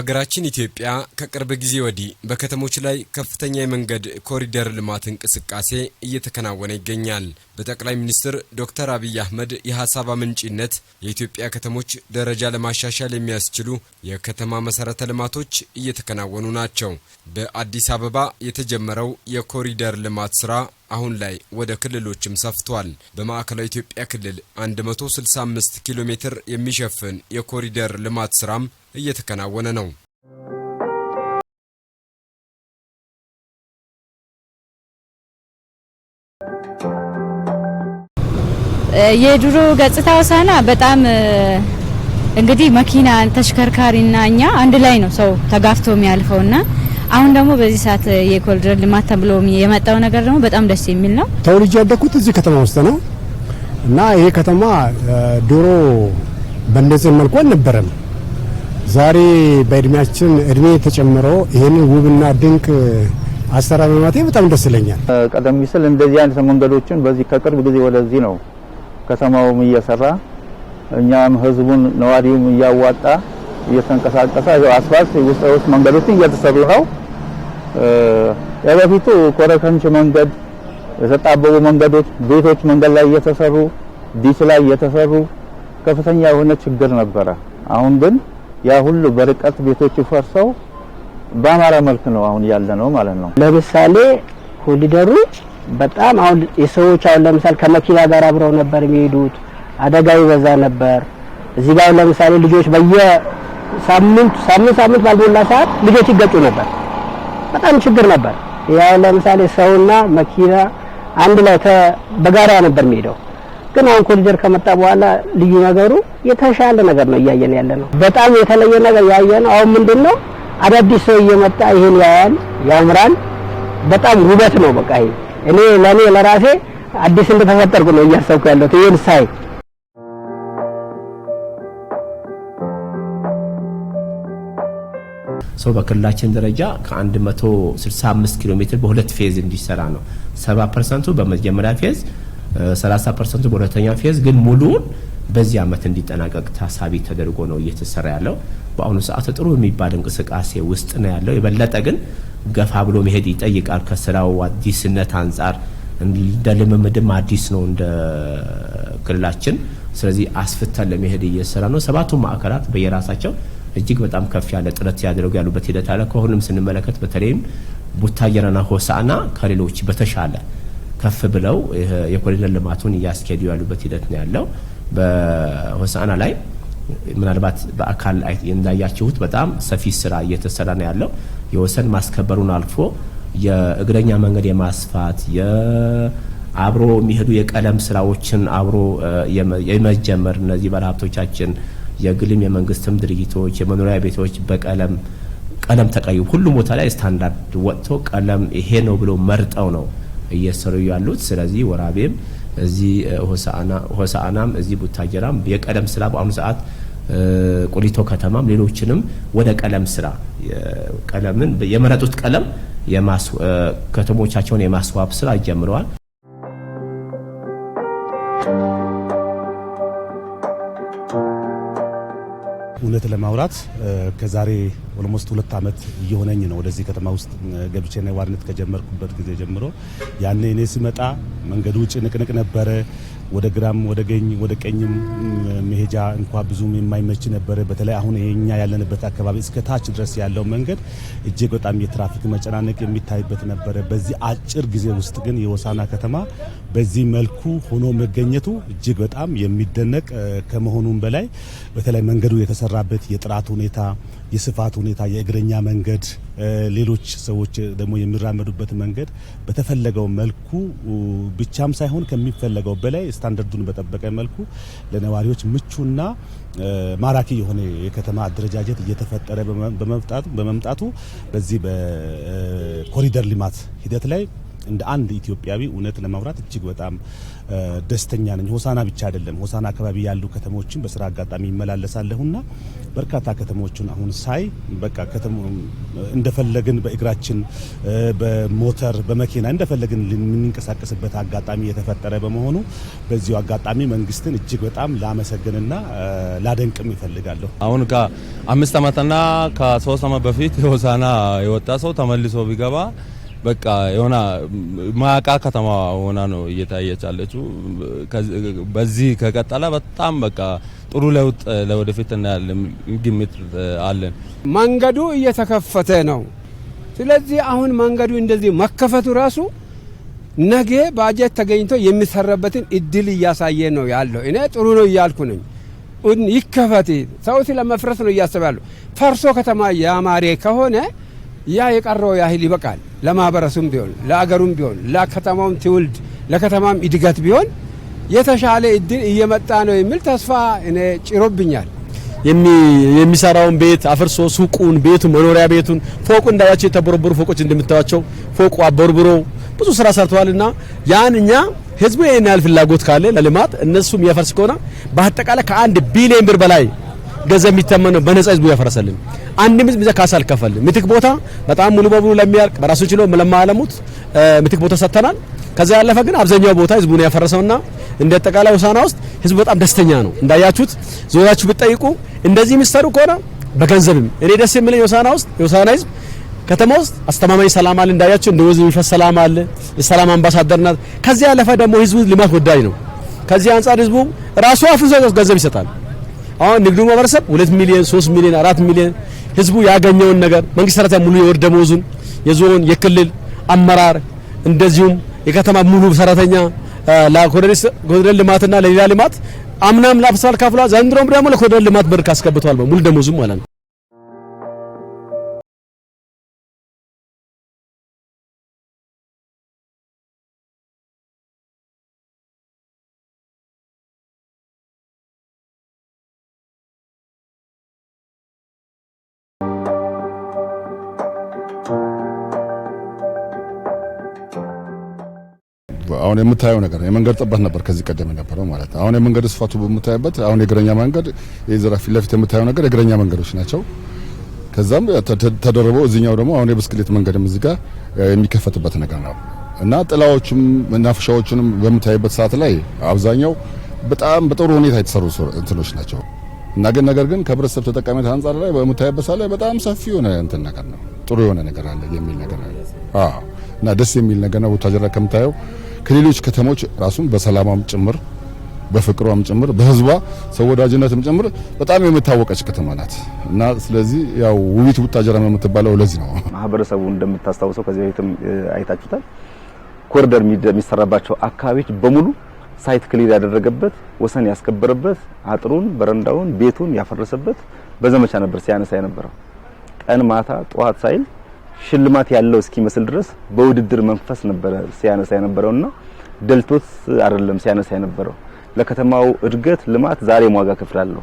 በሀገራችን ኢትዮጵያ ከቅርብ ጊዜ ወዲህ በከተሞች ላይ ከፍተኛ የመንገድ ኮሪደር ልማት እንቅስቃሴ እየተከናወነ ይገኛል። በጠቅላይ ሚኒስትር ዶክተር አብይ አህመድ የሀሳብ አመንጪነት የኢትዮጵያ ከተሞች ደረጃ ለማሻሻል የሚያስችሉ የከተማ መሰረተ ልማቶች እየተከናወኑ ናቸው። በአዲስ አበባ የተጀመረው የኮሪደር ልማት ስራ አሁን ላይ ወደ ክልሎችም ሰፍቷል። በማዕከላዊ ኢትዮጵያ ክልል 165 ኪሎ ሜትር የሚሸፍን የኮሪደር ልማት ስራም እየተከናወነ ነው። የድሮ ገጽታ ወሳና በጣም እንግዲህ መኪና ተሽከርካሪና እኛ አንድ ላይ ነው ሰው ተጋፍቶ የሚያልፈውና አሁን ደግሞ በዚህ ሰዓት የኮሪደር ልማት ተብሎ የመጣው ነገር ደግሞ በጣም ደስ የሚል ነው። ተወልጄ ያደኩት እዚህ ከተማ ውስጥ ነው እና ይሄ ከተማ ድሮ በእንደዚህ መልኩ አልነበረም። ዛሬ በእድሜያችን እድሜ ተጨምሮ ይህንን ውብና ድንቅ አሰራር መማቴ በጣም ደስ ይለኛል። ቀደም ሲል እንደዚህ አይነት መንገዶችን በዚህ ከቅርብ ጊዜ ወደዚህ ነው ከተማውም እየሰራ እኛም ህዝቡን ነዋሪውም እያዋጣ እየተንቀሳቀሰ አስፋልት ውስጥ ውስጥ መንገዶችን እየተሰሩ ነው። የበፊቱ ኮረከንች መንገድ፣ የተጣበቡ መንገዶች፣ ቤቶች መንገድ ላይ እየተሰሩ ዲች ላይ እየተሰሩ ከፍተኛ የሆነ ችግር ነበረ። አሁን ግን ያ ሁሉ በርቀት ቤቶቹ ፈርሰው በአማራ መልክ ነው አሁን ያለ ነው ማለት ነው። ለምሳሌ ኮሪደሩ በጣም አሁን የሰዎች አሁን ለምሳሌ ከመኪና ጋር አብረው ነበር የሚሄዱት፣ አደጋ ይበዛ ነበር። እዚህ ጋር ለምሳሌ ልጆች በየ ሳምንት ሳምንት ሳምንት ባልሞላ ሰዓት ልጆች ይገጩ ነበር። በጣም ችግር ነበር። ያ ለምሳሌ ሰውና መኪና አንድ ላይ በጋራ ነበር የሚሄደው ግን አሁን ኮሪደር ከመጣ በኋላ ልዩ ነገሩ የተሻለ ነገር ነው እያየን ያለ ነው። በጣም የተለየ ነገር ያየ ነው። አሁን ምንድን ነው አዳዲስ ሰው እየመጣ ይሄን ያያል፣ ያምራል። በጣም ውበት ነው። በቃ ይሄ እኔ ለእኔ ለራሴ አዲስ እንደተፈጠርኩ ነው እያሰብኩ ያለሁት ይሄን ሳይ ሰው በክልላችን ደረጃ ከ165 ኪሎ ሜትር በሁለት ፌዝ እንዲሰራ ነው። 70 ፐርሰንቱ በመጀመሪያ ፌዝ 30 ፐርሰንቱ በሁለተኛ ፌዝ ግን ሙሉውን በዚህ አመት እንዲጠናቀቅ ታሳቢ ተደርጎ ነው እየተሰራ ያለው። በአሁኑ ሰዓት ጥሩ የሚባል እንቅስቃሴ ውስጥ ነው ያለው። የበለጠ ግን ገፋ ብሎ መሄድ ይጠይቃል። ከስራው አዲስነት አንጻር እንደ ልምምድም አዲስ ነው እንደ ክልላችን። ስለዚህ አስፍተን ለመሄድ እየሰራ ነው። ሰባቱ ማዕከላት በየራሳቸው እጅግ በጣም ከፍ ያለ ጥረት ያደረጉ ያሉበት ሂደት አለ። ከሁሉም ስንመለከት በተለይም ቡታጀራና ሆሳና ከሌሎች በተሻለ ከፍ ብለው የኮሪደር ልማቱን እያስኬዱ ያሉበት ሂደት ነው ያለው። በሆሳና ላይ ምናልባት በአካል እንዳያችሁት በጣም ሰፊ ስራ እየተሰራ ነው ያለው። የወሰን ማስከበሩን አልፎ የእግረኛ መንገድ የማስፋት አብሮ የሚሄዱ የቀለም ስራዎችን አብሮ የመጀመር እነዚህ ባለሀብቶቻችን የግልም የመንግስትም ድርጅቶች የመኖሪያ ቤቶች በቀለም ቀለም ተቀይ ሁሉም ቦታ ላይ ስታንዳርድ ወጥቶ ቀለም ይሄ ነው ብሎ መርጠው ነው እየሰሩ ያሉት። ስለዚህ ወራቤም እዚህ ሆሳአናም እዚህ ቡታጀራም የቀለም ስራ በአሁኑ ሰዓት ቁሊቶ ከተማም ሌሎችንም ወደ ቀለም ስራ ቀለምን የመረጡት ቀለም ከተሞቻቸውን የማስዋብ ስራ ጀምረዋል። ሂደት ለማውራት ከዛሬ ኦልሞስት ሁለት ዓመት እየሆነኝ ነው። ወደዚህ ከተማ ውስጥ ገብቼና የዋርነት ከጀመርኩበት ጊዜ ጀምሮ ያኔ እኔ ስመጣ መንገዱ ጭንቅንቅ ነበረ። ወደ ግራም ወደ ገኝ ወደ ቀኝም መሄጃ እንኳ ብዙም የማይመች ነበር። በተለይ አሁን እኛ ያለንበት አካባቢ እስከ ታች ድረስ ያለው መንገድ እጅግ በጣም የትራፊክ መጨናነቅ የሚታይበት ነበረ። በዚህ አጭር ጊዜ ውስጥ ግን የወሳና ከተማ በዚህ መልኩ ሆኖ መገኘቱ እጅግ በጣም የሚደነቅ ከመሆኑም በላይ በተለይ መንገዱ የተሰራበት የጥራት ሁኔታ የስፋት ሁኔታ፣ የእግረኛ መንገድ፣ ሌሎች ሰዎች ደግሞ የሚራመዱበት መንገድ በተፈለገው መልኩ ብቻም ሳይሆን ከሚፈለገው በላይ ስታንዳርዱን በጠበቀ መልኩ ለነዋሪዎች ምቹና ማራኪ የሆነ የከተማ አደረጃጀት እየተፈጠረ በመምጣቱ በዚህ በኮሪደር ልማት ሂደት ላይ እንደ አንድ ኢትዮጵያዊ እውነት ለማውራት እጅግ በጣም ደስተኛ ነኝ። ሆሳና ብቻ አይደለም፣ ሆሳና አካባቢ ያሉ ከተሞችን በስራ አጋጣሚ ይመላለሳለሁና በርካታ ከተሞችን አሁን ሳይ በቃ እንደፈለግን በእግራችን በሞተር በመኪና እንደፈለግን የምንንቀሳቀስበት አጋጣሚ የተፈጠረ በመሆኑ በዚሁ አጋጣሚ መንግስትን እጅግ በጣም ላመሰግንና ላደንቅም ይፈልጋለሁ። አሁን ከአምስት ዓመትና ከሶስት ዓመት በፊት ሆሳና የወጣ ሰው ተመልሶ ቢገባ በቃ የሆነ ማቃ ከተማ ሆና ነው እየታየች ያለችው። በዚህ ከቀጠለ በጣም በቃ ጥሩ ለውጥ ለወደፊት እናያለን፣ ግምት አለን። መንገዱ እየተከፈተ ነው። ስለዚህ አሁን መንገዱ እንደዚህ መከፈቱ ራሱ ነገ ባጀት ተገኝቶ የሚሰራበትን እድል እያሳየ ነው ያለው። እኔ ጥሩ ነው እያልኩ ነኝ። ይከፈት ሰው ስለመፍረስ ነው እያስባለሁ። ፈርሶ ከተማ ያማሬ ከሆነ ያ የቀረው ያህል ይበቃል። ለማህበረሰቡም ቢሆን ለአገሩም ቢሆን ለከተማውም ትውልድ ለከተማም እድገት ቢሆን የተሻለ እድል እየመጣ ነው የሚል ተስፋ እኔ ጭሮብኛል። የሚሰራውን ቤት አፍርሶ ሱቁን፣ ቤቱን፣ መኖሪያ ቤቱን፣ ፎቁ እንዳያቸው የተቦረቦሩ ፎቆች እንደምታዩቸው ፎቁ አቦርብሮ ብዙ ስራ ሰርተዋልና ያን እኛ ህዝቡ ይህን ያህል ፍላጎት ካለ ለልማት እነሱም የፈርስ ከሆነ በአጠቃላይ ከአንድ ቢሊዮን ብር በላይ ገንዘብ የሚተመነው በነጻ ህዝቡ ያፈረሰልን አንድም ህዝብ ይዘህ ካሳ አልከፈልም። ምትክ ቦታ በጣም ሙሉ በሙሉ ለሚያርቅ በራሱ ችሎ ለማያለሙት ምትክ ቦታ ሰጥተናል። ከዛ ያለፈ ግን አብዛኛው ቦታ ህዝቡ ነው ያፈረሰውና እንደ አጠቃላይ ሆሳዕና ውስጥ ህዝቡ በጣም ደስተኛ ነው። እንዳያችሁት ዞራችሁ ብትጠይቁ እንደዚህ የሚሰሩ ከሆነ በገንዘብም እኔ ደስ የሚለኝ ሆሳዕና ውስጥ የሆሳዕና ህዝብ ከተማ ውስጥ አስተማማኝ ሰላም አለ። እንዳያችሁ እንደ ወዝ የሚፈስ ሰላም አለ። የሰላም አምባሳደር ናት። ከዚያ ያለፈ ደግሞ ህዝቡ ልማት ወዳጅ ነው። ከዚህ አንጻር ህዝቡ ራሱ አፍዞ ገንዘብ ይሰጣል። አሁን ንግዱ ማህበረሰብ 2 ሚሊዮን 3 ሚሊዮን 4 ሚሊዮን ህዝቡ ያገኘውን ነገር መንግስት ሰራተኛ ሙሉ የወር ደመወዙን የዞን የክልል አመራር እንደዚሁም የከተማ ሙሉ ሰራተኛ ለኮሪደር ልማትና ለሌላ ልማት አምናም ለአፍሳል ከፍሏል። ዘንድሮም ደግሞ ለኮሪደር ልማት ብር አስገብቷል። ሙሉ ደመወዙም ማለት ነው። አሁን የምታየው ነገር የመንገድ ጥበት ነበር ከዚህ ቀደም የነበረው ማለት አሁን የመንገድ ስፋቱ በምታይበት አሁን የእግረኛ መንገድ የዘራ ፊት ለፊት የምታየው ነገር የእግረኛ መንገዶች ናቸው። ከዛም ተደርበው እዚኛው ደግሞ አሁን የብስክሌት መንገድም እዚህ ጋር የሚከፈትበት ነገር ነው እና ጥላዎቹም መናፈሻዎቹንም በምታይበት ሰዓት ላይ አብዛኛው በጣም በጥሩ ሁኔታ የተሰሩ እንትኖች ናቸው እና ግን ነገር ግን ከህብረተሰብ ተጠቃሚነት አንጻር ላይ በምታይበት ሰዓት ላይ በጣም ሰፊ የሆነ እንትን ነገር ነው ጥሩ የሆነ ነገር አለ የሚል ነገር አለ እና ደስ የሚል ነገር ነው። ወታጀራ ከምታየው ከሌሎች ከተሞች ራሱን በሰላማም ጭምር በፍቅሯም ጭምር በህዝቧ ሰው ወዳጅነትም ጭምር በጣም የምታወቀች ከተማ ናት እና ስለዚህ ያው ውቢት ቡታጀራ የምትባለው ለዚህ ነው። ማህበረሰቡ እንደምታስታውሰው ከዚህ በፊትም አይታችሁታል። ኮሪደር የሚሰራባቸው አካባቢዎች በሙሉ ሳይት ክሊር ያደረገበት ወሰን ያስከበረበት አጥሩን፣ በረንዳውን፣ ቤቱን ያፈረሰበት በዘመቻ ነበር ሲያነሳ የነበረው ቀን ማታ ጠዋት ሳይል ሽልማት ያለው እስኪመስል ድረስ በውድድር መንፈስ ነበረ ሲያነሳ የነበረውና ደልቶት አይደለም ሲያነሳ የነበረው ለከተማው እድገት፣ ልማት ዛሬም ዋጋ ከፍላለሁ፣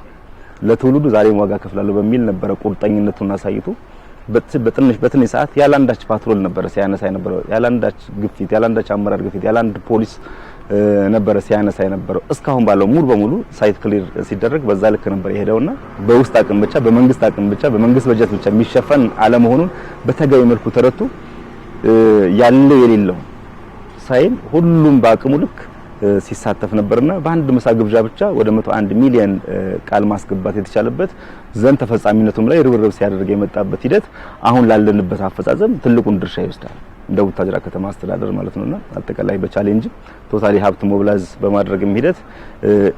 ለትውልዱ ዛሬም ዋጋ ከፍላለሁ በሚል ነበረ ቁርጠኝነቱን አሳይቶ በትንሽ በትንሽ ሰዓት ያላንዳች ፓትሮል ነበረ ሲያነሳ የነበረው ያላንዳች ግፊት፣ ያላንዳች አመራር ግፊት፣ ያላንድ ፖሊስ ነበረ ሲያነሳ የነበረው። እስካሁን ባለው ሙሉ በሙሉ ሳይት ክሊር ሲደረግ በዛ ልክ ነበር የሄደውና በውስጥ አቅም ብቻ በመንግስት አቅም ብቻ በመንግስት በጀት ብቻ የሚሸፈን አለመሆኑን በተገቢ መልኩ ተረቱ። ያለው የሌለው ሳይል ሁሉም በአቅሙ ልክ ሲሳተፍ ነበርና በአንድ ምሳ ግብዣ ብቻ ወደ 101 ሚሊዮን ቃል ማስገባት የተቻለበት ዘንድ ተፈጻሚነቱም ላይ ርብርብ ሲያደርግ የመጣበት ሂደት አሁን ላለንበት አፈጻጸም ትልቁን ድርሻ ይወስዳል። እንደ ቡታጅራ ከተማ አስተዳደር ማለት ነውና አጠቃላይ በቻሌንጅ ቶታሊ ሀብት ሞብላይዝ በማድረግም ሂደት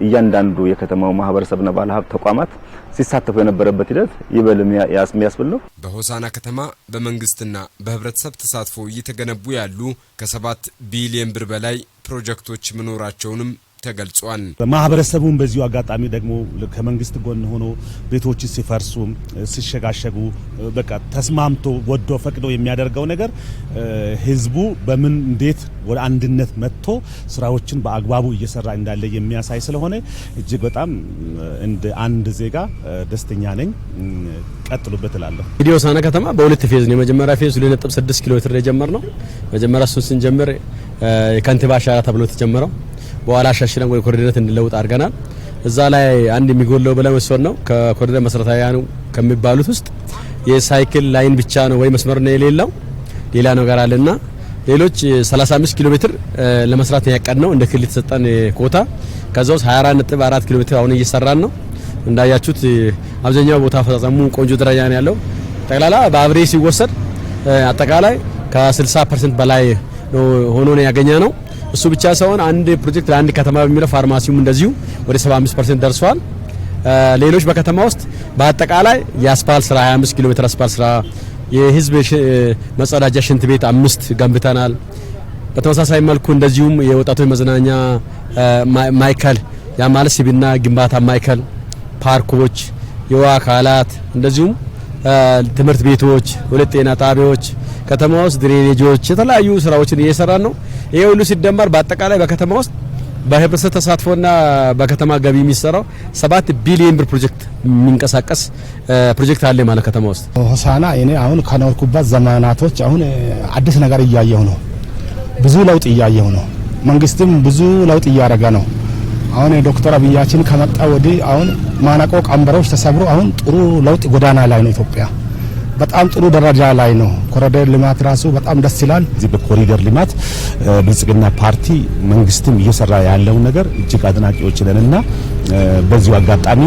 እያንዳንዱ የከተማው ማህበረሰብና ባለ ሀብት ተቋማት ሲሳተፉ የነበረበት ሂደት ይበል የሚያስብል ነው። በሆሳና ከተማ በመንግስትና በህብረተሰብ ተሳትፎ እየተገነቡ ያሉ ከሰባት ቢሊየን ብር በላይ ፕሮጀክቶች መኖራቸውንም ተገልጿል። ማህበረሰቡም በዚሁ አጋጣሚ ደግሞ ከመንግስት ጎን ሆኖ ቤቶች ሲፈርሱ ሲሸጋሸጉ፣ በቃ ተስማምቶ ወዶ ፈቅዶ የሚያደርገው ነገር ህዝቡ በምን እንዴት ወደ አንድነት መጥቶ ስራዎችን በአግባቡ እየሰራ እንዳለ የሚያሳይ ስለሆነ እጅግ በጣም እንደ አንድ ዜጋ ደስተኛ ነኝ። ቀጥሉበት እላለሁ። እንግዲህ ሆሳዕና ከተማ በሁለት ፌዝ ነው። የመጀመሪያ ፌዝ 2.6 ኪሎ ሜትር የጀመር ነው። መጀመሪያ እሱን ስንጀምር ከንቲባ አሻራ ተብሎ ተጀመረው በኋላ አሻሽለን ወደ ኮሪደር እንለውጥ አድርገናል። እዛ ላይ አንድ የሚጎለው ብለን መስወር ነው። ከኮሪደር መሰረታዊያኑ ከሚባሉት ውስጥ የሳይክል ላይን ብቻ ነው ወይ መስመር ነው የሌለው ሌላ ነገር አለና ሌሎች 35 ኪሎ ሜትር ለመስራት ያቀድ ነው እንደ ክልል የተሰጠን ኮታ። ከዛ ውስጥ 24.4 ኪሎ ሜትር አሁን እየሰራን ነው። እንዳያችሁት አብዛኛው ቦታ አፈጻጸሙ ቆንጆ ደረጃ ነው ያለው። ጠቅላላ በአብሬ ሲወሰድ አጠቃላይ ከ60 ፐርሰንት በላይ ሆኖ ነው ያገኘ ነው። እሱ ብቻ ሳይሆን አንድ ፕሮጀክት ለአንድ ከተማ በሚለው ፋርማሲውም እንደዚሁ ወደ 75% ደርሷል። ሌሎች በከተማ ውስጥ በአጠቃላይ የአስፓልት ስራ 25 ኪሎ ሜትር አስፓልት ስራ፣ የህዝብ መጸዳጃ ሽንት ቤት አምስት ገንብተናል። በተመሳሳይ መልኩ እንደዚሁም የወጣቶች መዝናኛ ማዕከል ያ ማለት ሲቢና ግንባታ ማዕከል፣ ፓርኮች፣ የውሃ አካላት እንደዚሁም ትምህርት ቤቶች፣ ሁለት ጤና ጣቢያዎች፣ ከተማ ውስጥ ድሬኔጆች የተለያዩ ስራዎችን እየሰራን ነው። ይሄ ሁሉ ሲደመር በአጠቃላይ በከተማ ውስጥ በህብረተሰብ ተሳትፎና በከተማ ገቢ የሚሰራው ሰባት ቢሊዮን ብር ፕሮጀክት የሚንቀሳቀስ ፕሮጀክት አለ ማለት ከተማ ውስጥ ሆሳና። እኔ አሁን ከኖርኩበት ዘመናቶች አሁን አዲስ ነገር እያየሁ ነው። ብዙ ለውጥ እያየሁ ነው። መንግስትም ብዙ ለውጥ እያደረገ ነው። አሁን ዶክተር አብያችን ከመጣ ወዲህ አሁን ማነቆ ቀንበሮች ተሰብሮ አሁን ጥሩ ለውጥ ጎዳና ላይ ነው ኢትዮጵያ በጣም ጥሩ ደረጃ ላይ ነው። ኮሪደር ልማት ራሱ በጣም ደስ ይላል። እዚህ በኮሪደር ልማት ብልጽግና ፓርቲ መንግስትም እየሰራ ያለውን ነገር እጅግ አድናቂዎች ነንና በዚሁ አጋጣሚ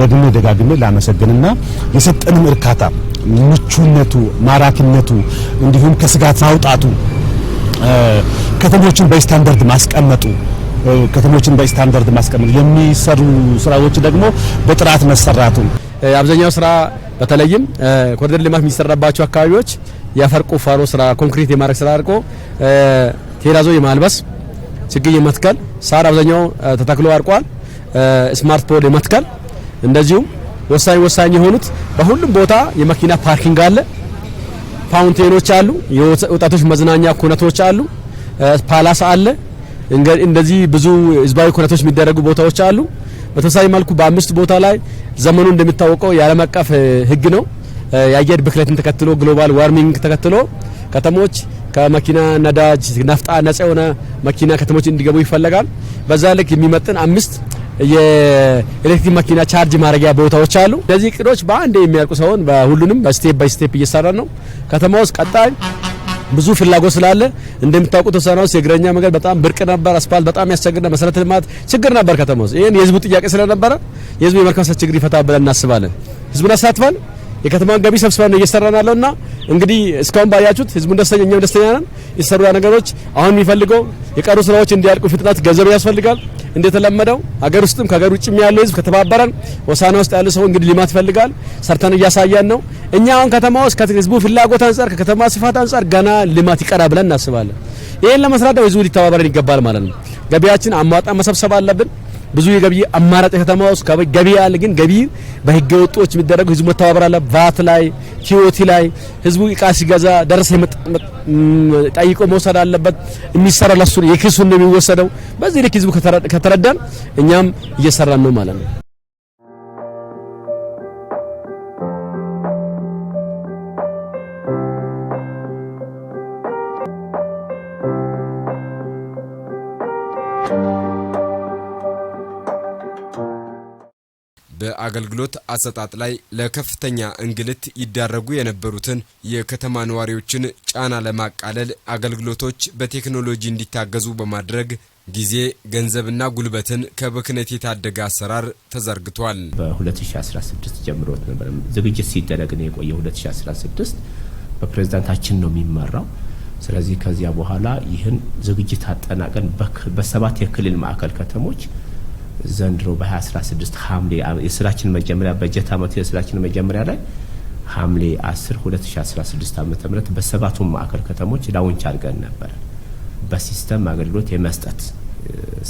ደግሜ ደጋግሜ ላመሰግንና የሰጠንም እርካታ ምቹነቱ፣ ማራኪነቱ እንዲሁም ከስጋት ማውጣቱ ከተሞችን በስታንዳርድ ማስቀመጡ ከተሞችን በስታንዳርድ ማስቀመጡ የሚሰሩ ስራዎች ደግሞ በጥራት መሰራቱ አብዛኛው ስራ በተለይም ኮሪደር ልማት የሚሰራባቸው አካባቢዎች የአፈር ቁፋሮ ስራ፣ ኮንክሪት የማድረግ ስራ አርቆ ቴራዞ የማልበስ ችግኝ የመትከል ሳር አብዛኛው ተተክሎ አርቋል። ስማርት ፖል የመትከል እንደዚሁም ወሳኝ ወሳኝ የሆኑት በሁሉም ቦታ የመኪና ፓርኪንግ አለ፣ ፋውንቴኖች አሉ፣ የወጣቶች መዝናኛ ኩነቶች አሉ፣ ፓላስ አለ። እንደዚህ ብዙ ህዝባዊ ኩነቶች የሚደረጉ ቦታዎች አሉ። በተመሳሳይ መልኩ በአምስት ቦታ ላይ ዘመኑ እንደሚታወቀው የዓለም አቀፍ ሕግ ነው። የአየር ብክለትን ተከትሎ ግሎባል ዋርሚንግ ተከትሎ ከተሞች ከመኪና ነዳጅ፣ ናፍጣ ነጻ የሆነ መኪና ከተሞች እንዲገቡ ይፈለጋል። በዛ ልክ የሚመጥን አምስት የኤሌክትሪክ መኪና ቻርጅ ማድረጊያ ቦታዎች አሉ። እነዚህ ቅዶች በአንድ የሚያልቁ ሰውን በሁሉንም በስቴፕ ባይ ስቴፕ እየሰራ ነው ከተማ ውስጥ ቀጣይ ብዙ ፍላጎት ስላለ እንደምታውቁት ተሳናውስ የእግረኛ መንገድ በጣም ብርቅ ነበር። አስፋልት በጣም ያስቸግር ነበር። መሰረተ ልማት ችግር ነበር ከተማ ውስጥ። ይሄን የህዝቡ ጥያቄ ስለነበረ የህዝቡ የመርከሳት ችግር ይፈታ ብለን እናስባለን። ህዝቡን አሳትፋል። የከተማን ገቢ ሰብስበን እየሰራን ያለውና እንግዲህ እስካሁን ባያችሁት ህዝቡ ደስተኛ እኛም ደስተኛ ነን። የተሰሩ ነገሮች አሁን የሚፈልገው የቀሩ ስራዎች እንዲያልቁ ፍጥነት ገንዘብ ያስፈልጋል። እንደተለመደው ሀገር ውስጥም ከሀገር ውጭም ያለው ህዝብ ከተባበረን ወሳና ውስጥ ያለ ሰው እንግዲህ ልማት ይፈልጋል። ሰርተን እያሳያን ነው። እኛ አሁን ከተማ ውስጥ ከህዝቡ ፍላጎት አንጻር፣ ከከተማ ስፋት አንጻር ገና ልማት ይቀራ ብለን እናስባለን። ይህን ለመስራት ህዝቡ ሊተባበረን ይገባል ማለት ነው። ገቢያችን አሟጣ መሰብሰብ አለብን። ብዙ የገቢ አማራጭ ከተማ ውስጥ ገቢ አለ። ግን ገቢ በህገ ወጦች የሚደረገው ህዝቡ መተባበር አለ። ቫት ላይ ቲዮቲ ላይ ህዝቡ እቃ ሲገዛ ደረሰ ጠይቆ መውሰድ አለበት። የሚሰራ ለሱ የክሱን ነው የሚወሰደው። በዚህ ልክ ህዝቡ ከተረዳን እኛም እየሰራን ነው ማለት ነው። አገልግሎት አሰጣጥ ላይ ለከፍተኛ እንግልት ይዳረጉ የነበሩትን የከተማ ነዋሪዎችን ጫና ለማቃለል አገልግሎቶች በቴክኖሎጂ እንዲታገዙ በማድረግ ጊዜ ገንዘብና ጉልበትን ከብክነት የታደገ አሰራር ተዘርግቷል። በ2016 ጀምሮ ነበር ዝግጅት ሲደረግ ነው የቆየ 2016 በፕሬዝዳንታችን ነው የሚመራው። ስለዚህ ከዚያ በኋላ ይህን ዝግጅት አጠናቀን በሰባት የክልል ማዕከል ከተሞች ዘንድሮ በ2016 ሐምሌ የስራችን መጀመሪያ በጀት አመቱ የስራችን መጀመሪያ ላይ ሐምሌ 10 2016 ዓ ም በሰባቱ ማዕከል ከተሞች ላውንች አድርገን ነበር። በሲስተም አገልግሎት የመስጠት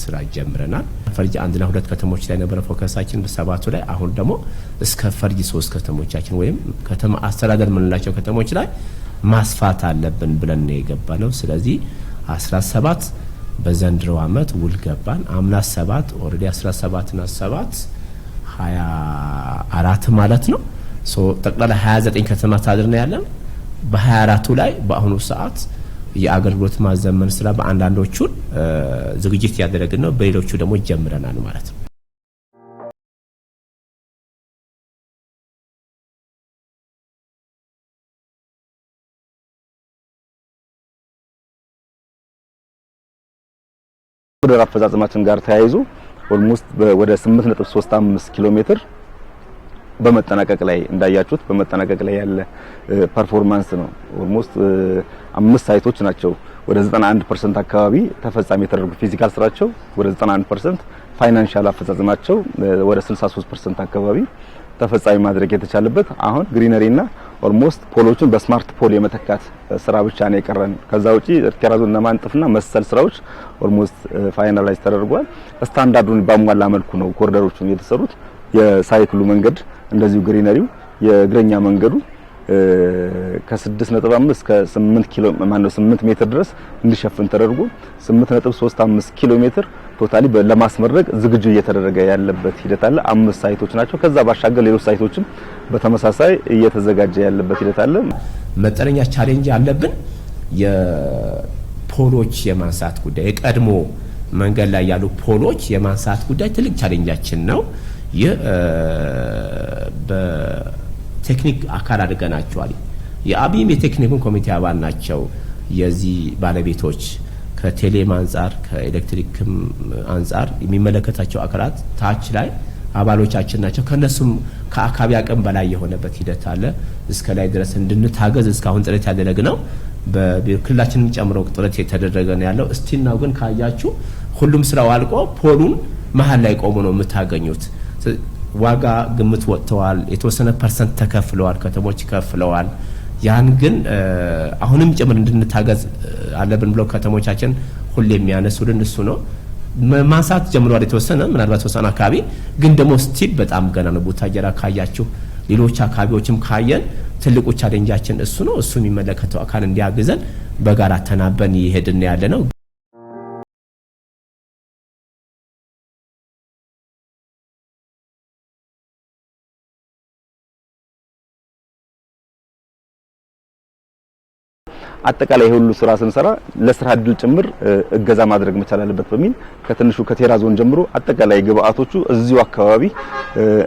ስራ ጀምረናል። ፈርጅ አንድና ሁለት ከተሞች ላይ ነበረ ፎከሳችን በሰባቱ ላይ። አሁን ደግሞ እስከ ፈርጅ ሶስት ከተሞቻችን ወይም ከተማ አስተዳደር የምንላቸው ከተሞች ላይ ማስፋት አለብን ብለን ነው የገባ ነው። ስለዚህ 17 በዘንድሮ አመት ውል ገባን። አምና ሰባት ኦልሬዲ 17 ና 7 24 ማለት ነው። ሶ ጠቅላላ 29 ከተማ ታድርና ያለን በ24ቱ ላይ በአሁኑ ሰዓት የአገልግሎት ማዘመን ስራ በአንዳንዶቹን ዝግጅት ያደረግን ነው፣ በሌሎቹ ደግሞ ጀምረናል ማለት ነው። ከኮሪደር አፈጻጸማችን ጋር ተያይዞ ኦልሞስት ወደ 8.35 ኪሎ ሜትር በመጠናቀቅ ላይ እንዳያችሁት በመጠናቀቅ ላይ ያለ ፐርፎርማንስ ነው። ኦልሞስት አምስት ሳይቶች ናቸው ወደ 91% አካባቢ ተፈጻሚ የተደረጉ ፊዚካል ስራቸው ወደ 91% ፋይናንሻል አፈጻጸማቸው ወደ 63% አካባቢ ተፈጻሚ ማድረግ የተቻለበት አሁን ግሪነሪ እና ኦልሞስት ፖሎቹን በስማርት ፖል የመተካት ስራ ብቻ ነው የቀረን። ከዛ ውጪ ቴራዞን ለማንጠፍና መሰል ስራዎች ኦልሞስት ፋይናላይዝ ተደርጓል። ስታንዳርዱን ባሟላ መልኩ ነው ኮሪደሮቹን የተሰሩት። የሳይክሉ መንገድ እንደዚሁ ግሪነሪው፣ የእግረኛ መንገዱ ከ6.5 እስከ 8 ኪሎ ማነው 8 ሜትር ድረስ እንዲሸፍን ተደርጎ 8.35 ኪሎ ሜትር ቶታሊ ለማስመረቅ ዝግጁ እየተደረገ ያለበት ሂደት አለ። አምስት ሳይቶች ናቸው። ከዛ ባሻገር ሌሎች ሳይቶችም በተመሳሳይ እየተዘጋጀ ያለበት ሂደት አለ። መጠነኛ ቻሌንጅ ያለብን የፖሎች የማንሳት ጉዳይ የቀድሞ መንገድ ላይ ያሉ ፖሎች የማንሳት ጉዳይ ትልቅ ቻሌንጃችን ነው። ይህ በቴክኒክ አካል አድርገናቸዋል። የአብይም የቴክኒክን ኮሚቴ አባል ናቸው። የዚህ ባለቤቶች ከቴሌም አንጻር ከኤሌክትሪክም አንጻር የሚመለከታቸው አካላት ታች ላይ አባሎቻችን ናቸው። ከእነሱም ከአካባቢ አቅም በላይ የሆነበት ሂደት አለ። እስከ ላይ ድረስ እንድንታገዝ እስካሁን ጥረት ያደረግ ነው። በክልላችንም ጨምሮ ጥረት የተደረገ ነው ያለው። እስቲናው ግን ካያችሁ ሁሉም ስራው አልቆ ፖሉን መሀል ላይ ቆሙ ነው የምታገኙት። ዋጋ ግምት ወጥተዋል። የተወሰነ ፐርሰንት ተከፍለዋል። ከተሞች ከፍለዋል። ያን ግን አሁንም ጭምር እንድንታገዝ አለብን ብለው ከተሞቻችን ሁሌ የሚያነሱልን እሱ ነው። ማንሳት ጀምሯል የተወሰነ ምናልባት ተወሰነ አካባቢ ግን ደግሞ ስቲል በጣም ገና ነው። ቡታጀራ ካያችሁ ሌሎች አካባቢዎችም ካየን ትልቁ ቻሌንጃችን እሱ ነው። እሱ የሚመለከተው አካል እንዲያግዘን በጋራ ተናበን ይሄድን ያለ ነው። አጠቃላይ የሁሉ ስራ ስንሰራ ለስራ እድል ጭምር እገዛ ማድረግ መቻል አለበት በሚል ከትንሹ ከቴራ ዞን ጀምሮ አጠቃላይ ግብአቶቹ እዚሁ አካባቢ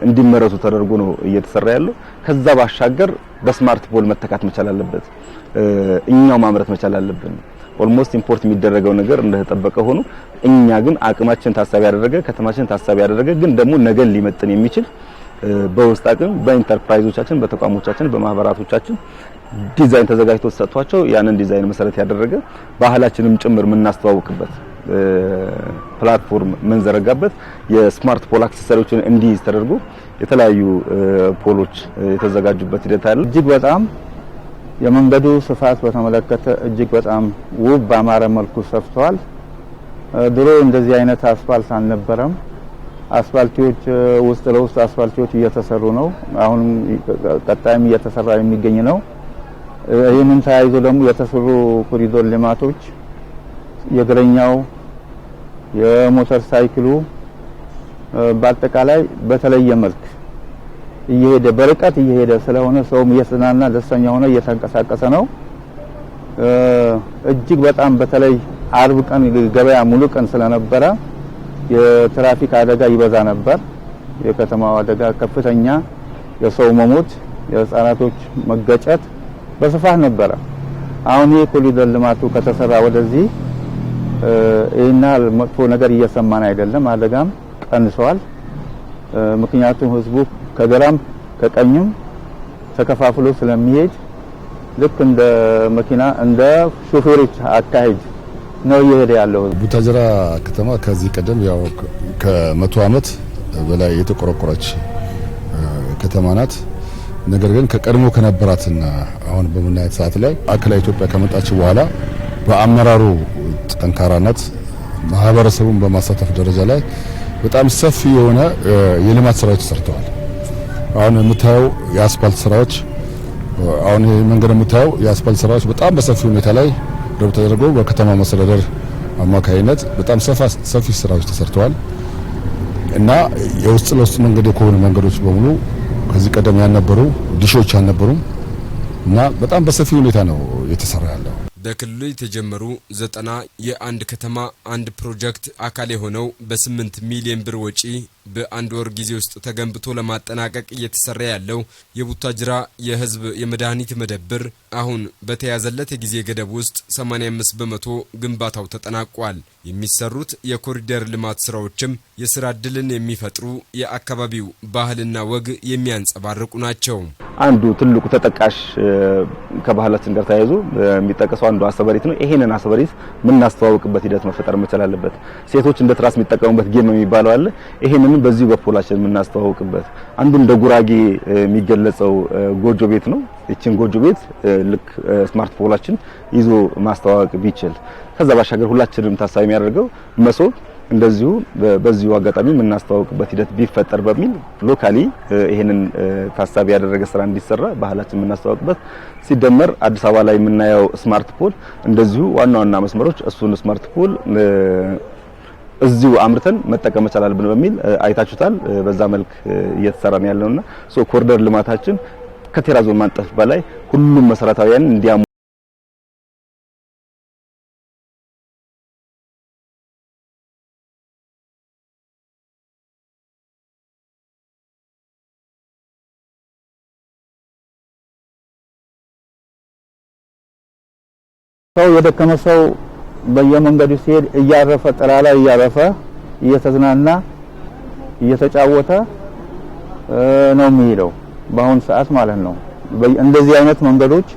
እንዲመረቱ ተደርጎ ነው እየተሰራ ያለው። ከዛ ባሻገር በስማርት ፖል መተካት መቻል አለበት፣ እኛው ማምረት መቻል አለብን። ኦልሞስት ኢምፖርት የሚደረገው ነገር እንደተጠበቀ ሆኖ እኛ ግን አቅማችን ታሳቢ ያደረገ ከተማችን ታሳቢ ያደረገ ግን ደግሞ ነገን ሊመጥን የሚችል በውስጥ አቅም በኢንተርፕራይዞቻችን፣ በተቋሞቻችን፣ በማህበራቶቻችን ዲዛይን ተዘጋጅቶ ተሰጥቷቸው ያንን ዲዛይን መሰረት ያደረገ ባህላችንም ጭምር የምናስተዋውቅበት ፕላትፎርም የምንዘረጋበት የስማርት ፖል አክሰሰሪዎችን እንዲይዝ ተደርጎ የተለያዩ ፖሎች የተዘጋጁበት ሂደት አለ። እጅግ በጣም የመንገዱ ስፋት በተመለከተ እጅግ በጣም ውብ በአማረ መልኩ ሰፍተዋል። ድሮ እንደዚህ አይነት አስፋልት አልነበረም። አስፋልቲዎች ውስጥ ለውስጥ አስፋልቲዎች እየተሰሩ ነው። አሁንም ቀጣይም እየተሰራ የሚገኝ ነው። ይህንን ተያይዞ ደግሞ የተሰሩ ኮሪዶር ልማቶች የእግረኛው፣ የሞተር ሳይክሉ በአጠቃላይ በተለየ መልክ እየሄደ በርቀት እየሄደ ስለሆነ ሰውም እየተዝናና ደስተኛ ሆነ እየተንቀሳቀሰ ነው። እጅግ በጣም በተለይ አርብ ቀን ገበያ ሙሉ ቀን ስለነበረ የትራፊክ አደጋ ይበዛ ነበር። የከተማው አደጋ ከፍተኛ፣ የሰው መሞት፣ የህፃናቶች መገጨት በስፋት ነበረ። አሁን ይሄ ኮሊደር ልማቱ ከተሰራ ወደዚህ ይህና መጥፎ ነገር እየሰማን አይደለም። አደጋም ቀንሰዋል። ምክንያቱም ህዝቡ ከግራም ከቀኝም ተከፋፍሎ ስለሚሄድ ልክ እንደ መኪና እንደ ሹፌሮች አካሄድ ነው እየሄደ ያለው። ቡታጅራ ከተማ ከዚህ ቀደም ያው ከመቶ ዓመት በላይ የተቆረቆረች ከተማ ናት። ነገር ግን ከቀድሞ ከነበራትና አሁን በምናየት ሰዓት ላይ ማዕከላዊ ኢትዮጵያ ከመጣች በኋላ በአመራሩ ጠንካራነት ማህበረሰቡን በማሳተፍ ደረጃ ላይ በጣም ሰፊ የሆነ የልማት ስራዎች ተሰርተዋል። አሁን የምታየው የአስፓልት ስራዎች አሁን መንገድ የምታየው የአስፓልት ስራዎች በጣም በሰፊ ሁኔታ ላይ ደብ ተደርጎ በከተማ መስተዳደር አማካኝነት በጣም ሰፊ ስራዎች ተሰርተዋል እና የውስጥ ለውስጥ መንገድ የሆኑ መንገዶች በሙሉ ከዚህ ቀደም ያልነበሩ ድሾች አልነበሩም እና በጣም በሰፊ ሁኔታ ነው የተሰራ ያለው። በክልሉ የተጀመሩ ዘጠና የአንድ ከተማ አንድ ፕሮጀክት አካል የሆነው በስምንት ሚሊዮን ብር ወጪ በአንድ ወር ጊዜ ውስጥ ተገንብቶ ለማጠናቀቅ እየተሰራ ያለው የቡታጅራ የህዝብ የመድኃኒት መደብር አሁን በተያዘለት የጊዜ ገደብ ውስጥ 85 በመቶ ግንባታው ተጠናቋል። የሚሰሩት የኮሪደር ልማት ስራዎችም የስራ ዕድልን የሚፈጥሩ የአካባቢው ባህልና ወግ የሚያንጸባርቁ ናቸው። አንዱ ትልቁ ተጠቃሽ ከባህላችን ጋር ተያይዞ የሚጠቀሰው አንዱ አሰበሪት ነው። ይሄንን አሰበሪት የምናስተዋውቅበት ሂደት መፈጠር መቻል አለበት። ሴቶች እንደ ትራስ የሚጠቀሙበት ጌም የሚባለው አለ። ይሄንን በዚሁ በፖላችን የምናስተዋውቅበት አንዱ እንደ ጉራጌ የሚገለጸው ጎጆ ቤት ነው። ይችን ጎጆ ቤት ልክ ስማርት ፖላችን ይዞ ማስተዋወቅ ቢችል ከዛ ባሻገር ሁላችንም ታሳቢ የሚያደርገው መሶብ እንደዚሁ በዚሁ አጋጣሚ የምናስተዋውቅበት ሂደት ቢፈጠር በሚል ሎካሊ ይሄንን ታሳቢ ያደረገ ስራ እንዲሰራ ባህላችን የምናስተዋውቅበት ሲደመር አዲስ አበባ ላይ የምናየው ስማርት ፖል እንደዚሁ ዋና ዋና መስመሮች እሱን ስማርት ፖል እዚሁ አምርተን መጠቀም መቻል አለብን በሚል አይታችሁታል። በዛ መልክ እየተሰራ ነው ያለውና ሶ ኮሪደር ልማታችን ከቴራዞን ማንጠፍ በላይ ሁሉም መሰረታዊያን እንዲያ ሰው የደከመ ሰው በየመንገዱ ሲሄድ እያረፈ ጥላ ላይ እያረፈ እየተዝናና እየተጫወተ ነው የሚሄደው በአሁን ሰዓት ማለት ነው። እንደዚህ አይነት መንገዶች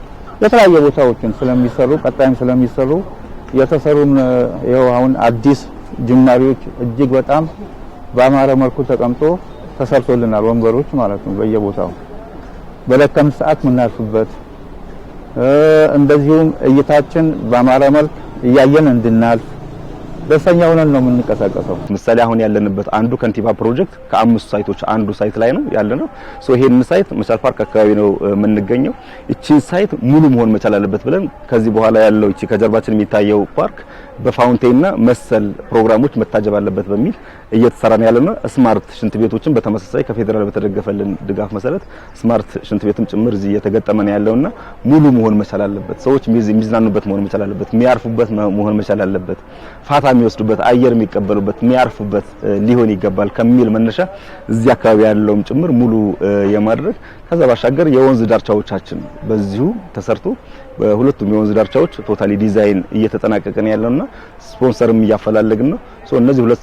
የተለያየ ቦታዎችን ስለሚሰሩ ቀጣይም ስለሚሰሩ የተሰሩም ይኸው አሁን አዲስ ጅማሪዎች እጅግ በጣም በአማረ መልኩ ተቀምጦ ተሰርቶልናል። ወንበሮች ማለት ነው በየቦታው በለከም ሰዓት ምናርፍበት እንደዚሁም እይታችን በአማረ መልክ እያየን እንድናልፍ ደስተኛ ሆነን ነው የምንቀሳቀሰው። ምሳሌ አሁን ያለንበት አንዱ ከንቲባ ፕሮጀክት ከአምስቱ ሳይቶች አንዱ ሳይት ላይ ነው ነው። ሶ ይሄን ሳይት መቻል ፓርክ አካባቢ ነው የምንገኘው። እቺን ሳይት ሙሉ መሆን መቻል አለበት ብለን ከዚህ በኋላ ያለው እቺ ከጀርባችን የሚታየው ፓርክ በፋውንቴንና መሰል ፕሮግራሞች መታጀብ አለበት በሚል እየተሰራ እየተሰራን ያለና ስማርት ሽንት ቤቶችን በተመሳሳይ ከፌዴራል በተደገፈልን ድጋፍ መሰረት ስማርት ሽንት ቤትም ጭምር እዚህ እየተገጠመ ነው ያለውና ሙሉ መሆን መቻል አለበት። ሰዎች የሚዝናኑበት መሆን መቻል አለበት። የሚያርፉበት መሆን መቻል አለበት። ፋታ የሚወስዱበት፣ አየር የሚቀበሉበት፣ የሚያርፉበት ሊሆን ይገባል ከሚል መነሻ እዚህ አካባቢ ያለውም ጭምር ሙሉ የማድረግ ከዛ ባሻገር የወንዝ ዳርቻዎቻችን በዚሁ ተሰርቶ በሁለቱም የወንዝ ዳርቻዎች ቶታሊ ዲዛይን እየተጠናቀቀ ነው ያለውና ስፖንሰርም እያፈላለግን ነው። ሶ እነዚህ ሁለት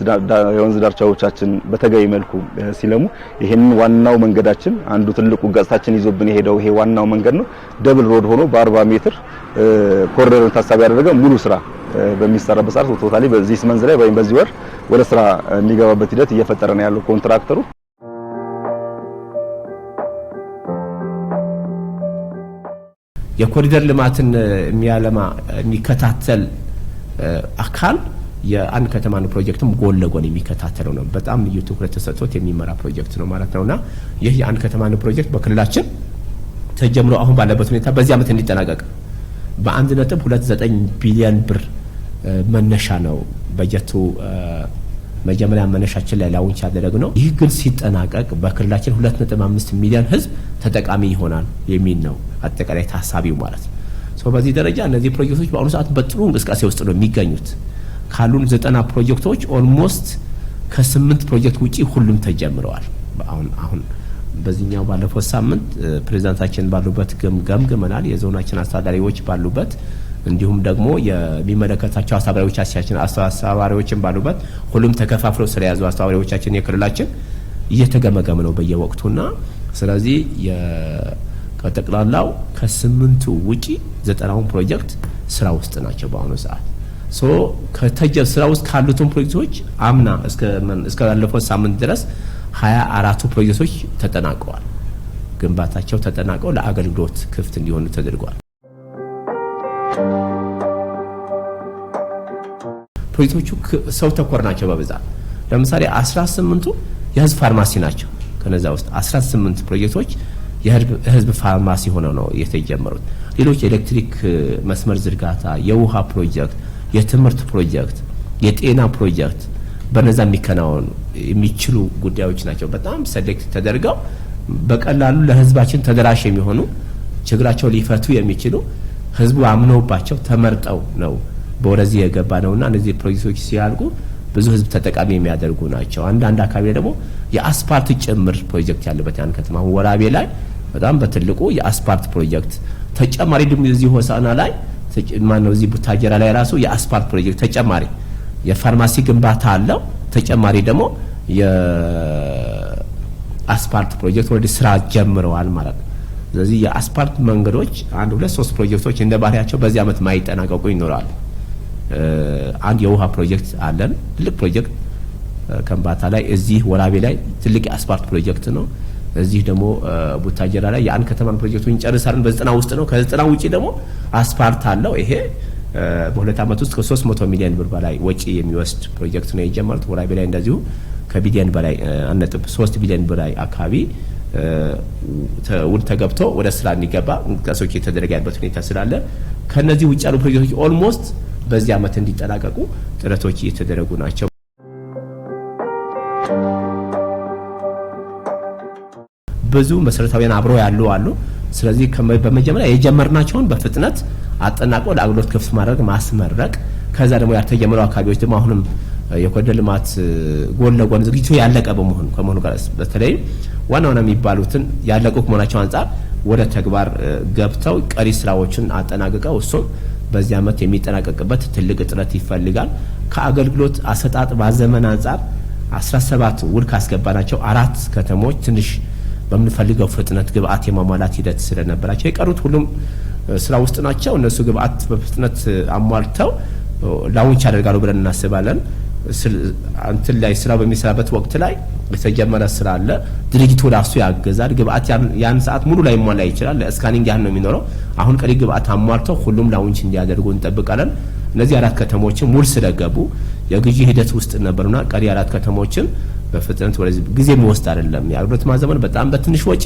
የወንዝ ዳርቻዎቻችን በተገቢ መልኩ ሲለሙ ይሄን ዋናው መንገዳችን አንዱ ትልቁ ገጽታችን ይዞብን የሄደው ይሄ ዋናው መንገድ ነው። ደብል ሮድ ሆኖ በ40 ሜትር ኮሪደርን ታሳቢ ያደረገ ሙሉ ስራ በሚሰራበት ሰዓት ቶታሊ በዚህ ስመንዝ ላይ ወይም በዚህ ወር ወደ ስራ የሚገባበት ሂደት እየፈጠረ ነው ያለው ኮንትራክተሩ። የኮሪደር ልማትን የሚያለማ የሚከታተል አካል የአንድ ከተማን ፕሮጀክትም ጎን ለጎን የሚከታተለው ነው። በጣም ልዩ ትኩረት ተሰጥቶት የሚመራ ፕሮጀክት ነው ማለት እና ይህ የአንድ ከተማን ፕሮጀክት በክልላችን ተጀምሮ አሁን ባለበት ሁኔታ በዚህ ዓመት እንዲጠናቀቅ በአንድ ነጥብ ሁለት ዘጠኝ ቢሊዮን ብር መነሻ ነው በጀቱ መጀመሪያ መነሻችን ላይ ላውንች ያደረግ ነው። ይህ ግን ሲጠናቀቅ በክልላችን 2.5 ሚሊዮን ህዝብ ተጠቃሚ ይሆናል የሚል ነው አጠቃላይ ታሳቢው ማለት ነው። በዚህ ደረጃ እነዚህ ፕሮጀክቶች በአሁኑ ሰዓት በጥሩ እንቅስቃሴ ውስጥ ነው የሚገኙት። ካሉን ዘጠና ፕሮጀክቶች ኦልሞስት ከስምንት ፕሮጀክት ውጪ ሁሉም ተጀምረዋል። አሁን አሁን በዚህኛው ባለፈው ሳምንት ፕሬዚዳንታችን ባሉበት ገምገምናል። የዞናችን አስተዳዳሪዎች ባሉበት እንዲሁም ደግሞ የሚመለከታቸው አስተባባሪዎቻችን አስተባባሪዎችን ባሉበት ሁሉም ተከፋፍለው ስለያዙ አስተባባሪዎቻችን የክልላችን እየተገመገመ ነው በየወቅቱና ስለዚህ ከጠቅላላው ከስምንቱ ውጪ ዘጠናውን ፕሮጀክት ስራ ውስጥ ናቸው በአሁኑ ሰዓት። ሶ ከተጀ ስራ ውስጥ ካሉትን ፕሮጀክቶች አምና እስከ ያለፈው ሳምንት ድረስ ሀያ አራቱ ፕሮጀክቶች ተጠናቀዋል። ግንባታቸው ተጠናቀው ለአገልግሎት ክፍት እንዲሆኑ ተደርጓል። ፕሮጀክቶቹ ሰው ተኮር ናቸው። በብዛት ለምሳሌ 18ቱ የህዝብ ፋርማሲ ናቸው። ከነዛ ውስጥ 18 ፕሮጀክቶች የህዝብ ፋርማሲ ሆነው ነው የተጀመሩት። ሌሎች የኤሌክትሪክ መስመር ዝርጋታ፣ የውሃ ፕሮጀክት፣ የትምህርት ፕሮጀክት፣ የጤና ፕሮጀክት በነዛ የሚከናወኑ የሚችሉ ጉዳዮች ናቸው። በጣም ሰሌክት ተደርገው በቀላሉ ለህዝባችን ተደራሽ የሚሆኑ ችግራቸው ሊፈቱ የሚችሉ ህዝቡ አምኖባቸው ተመርጠው ነው በወደዚህ የገባ ነው እና እነዚህ ፕሮጀክቶች ሲያልቁ ብዙ ህዝብ ተጠቃሚ የሚያደርጉ ናቸው። አንዳንድ አካባቢ ደግሞ የአስፓልት ጭምር ፕሮጀክት ያለበት ያን ከተማ ወራቤ ላይ በጣም በትልቁ የአስፓልት ፕሮጀክት ተጨማሪ ደግሞ እዚህ ሆሳና ላይ ማነው እዚህ ቡታጀራ ላይ ራሱ የአስፓልት ፕሮጀክት ተጨማሪ የፋርማሲ ግንባታ አለው። ተጨማሪ ደግሞ የአስፓልት ፕሮጀክት ወደ ስራ ጀምረዋል ማለት ነው። ስለዚህ የአስፓልት መንገዶች አንድ ሁለት ሶስት ፕሮጀክቶች እንደ ባህሪያቸው በዚህ አመት ማይጠናቀቁ ይኖራሉ። አንድ የውሃ ፕሮጀክት አለን፣ ትልቅ ፕሮጀክት ከምባታ ላይ፣ እዚህ ወራቤ ላይ ትልቅ የአስፓልት ፕሮጀክት ነው። እዚህ ደግሞ ቡታጀራ ላይ የአንድ ከተማን ፕሮጀክቱን እንጨርሳለን። በዘጠና ውስጥ ነው። ከዘጠና ውጪ ደግሞ አስፓልት አለው ይሄ በሁለት አመት ውስጥ ከሶስት መቶ ሚሊዮን ብር በላይ ወጪ የሚወስድ ፕሮጀክት ነው የጀመሩት። ወራቤ ላይ እንደዚሁ ከቢሊዮን በላይ ሶስት ቢሊዮን በላይ አካባቢ ውል ተገብቶ ወደ ስራ እንዲገባ እንቅስቃሴዎች እየተደረገ ያለበት ሁኔታ ስላለ ከነዚህ ውጭ ያሉ ፕሮጀክቶች ኦልሞስት በዚህ ዓመት እንዲጠናቀቁ ጥረቶች እየተደረጉ ናቸው። ብዙ መሰረታዊያን አብረው ያሉ አሉ። ስለዚህ በመጀመሪያ የጀመርናቸውን በፍጥነት አጠናቆ ለአገልግሎት ክፍት ማድረግ ማስመረቅ፣ ከዛ ደግሞ ያልተጀመሩ አካባቢዎች ደግሞ አሁንም የኮሪደር ልማት ጎን ለጎን ዝግጅቱ ያለቀ በመሆኑ ከመሆኑ ጋር በተለይ ዋና ዋና የሚባሉትን ያለቁ ከመሆናቸው አንጻር ወደ ተግባር ገብተው ቀሪ ስራዎችን አጠናቅቀው እሱም በዚህ ዓመት የሚጠናቀቅበት ትልቅ ጥረት ይፈልጋል። ከአገልግሎት አሰጣጥ ባዘመን አንጻር 17 ውል ካስገባናቸው አራት ከተሞች ትንሽ በምንፈልገው ፍጥነት ግብአት የማሟላት ሂደት ስለነበራቸው የቀሩት ሁሉም ስራ ውስጥ ናቸው። እነሱ ግብአት በፍጥነት አሟልተው ላውንች ያደርጋሉ ብለን እናስባለን። እንትን ላይ ስራ በሚሰራበት ወቅት ላይ የተጀመረ ስራ አለ። ድርጅቱ ራሱ ያገዛል። ግብአት ያን ሰዓት ሙሉ ላይ ሟላ ይችላል። ስካኒንግ ያህል ነው የሚኖረው። አሁን ቀሪ ግብአት አሟልተው ሁሉም ላውንች እንዲያደርጉ እንጠብቃለን። እነዚህ አራት ከተሞች ሙሉ ስለገቡ የግዢ ሂደት ውስጥ ነበሩና ቀሪ አራት ከተሞችን በፍጥነት ወደዚህ ጊዜ የሚወስድ አይደለም። የአገልግሎት ማዘመን በጣም በትንሽ ወጪ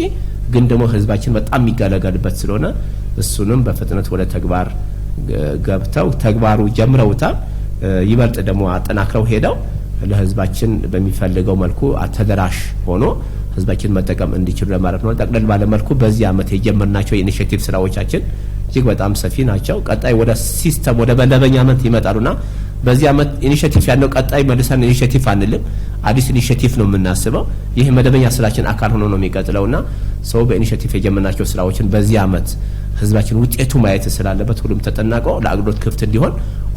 ግን ደግሞ ህዝባችን በጣም የሚገለገልበት ስለሆነ እሱንም በፍጥነት ወደ ተግባር ገብተው ተግባሩ ጀምረውታል። ይበልጥ ደግሞ አጠናክረው ሄደው ለህዝባችን በሚፈልገው መልኩ ተደራሽ ሆኖ ህዝባችን መጠቀም እንዲችሉ ለማድረግ ነው። ጠቅለል ባለመልኩ በዚህ ዓመት የጀመርናቸው የኢኒሽቲቭ ስራዎቻችን እጅግ በጣም ሰፊ ናቸው። ቀጣይ ወደ ሲስተም ወደ መደበኛ ዓመት ይመጣሉና በዚህ ዓመት ኢኒሽቲቭ ያለው ቀጣይ መልሰን ኢኒሽቲቭ አንልም፣ አዲስ ኢኒሽቲቭ ነው የምናስበው። ይህ መደበኛ ስራችን አካል ሆኖ ነው የሚቀጥለውና ሰው በኢኒሽቲቭ የጀመርናቸው ስራዎችን በዚህ ዓመት ህዝባችን ውጤቱ ማየት ስላለበት ሁሉም ተጠናቆ ለአገልግሎት ክፍት እንዲሆን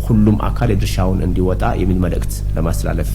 ሁሉም አካል የድርሻውን እንዲወጣ የሚል መልእክት ለማስተላለፍ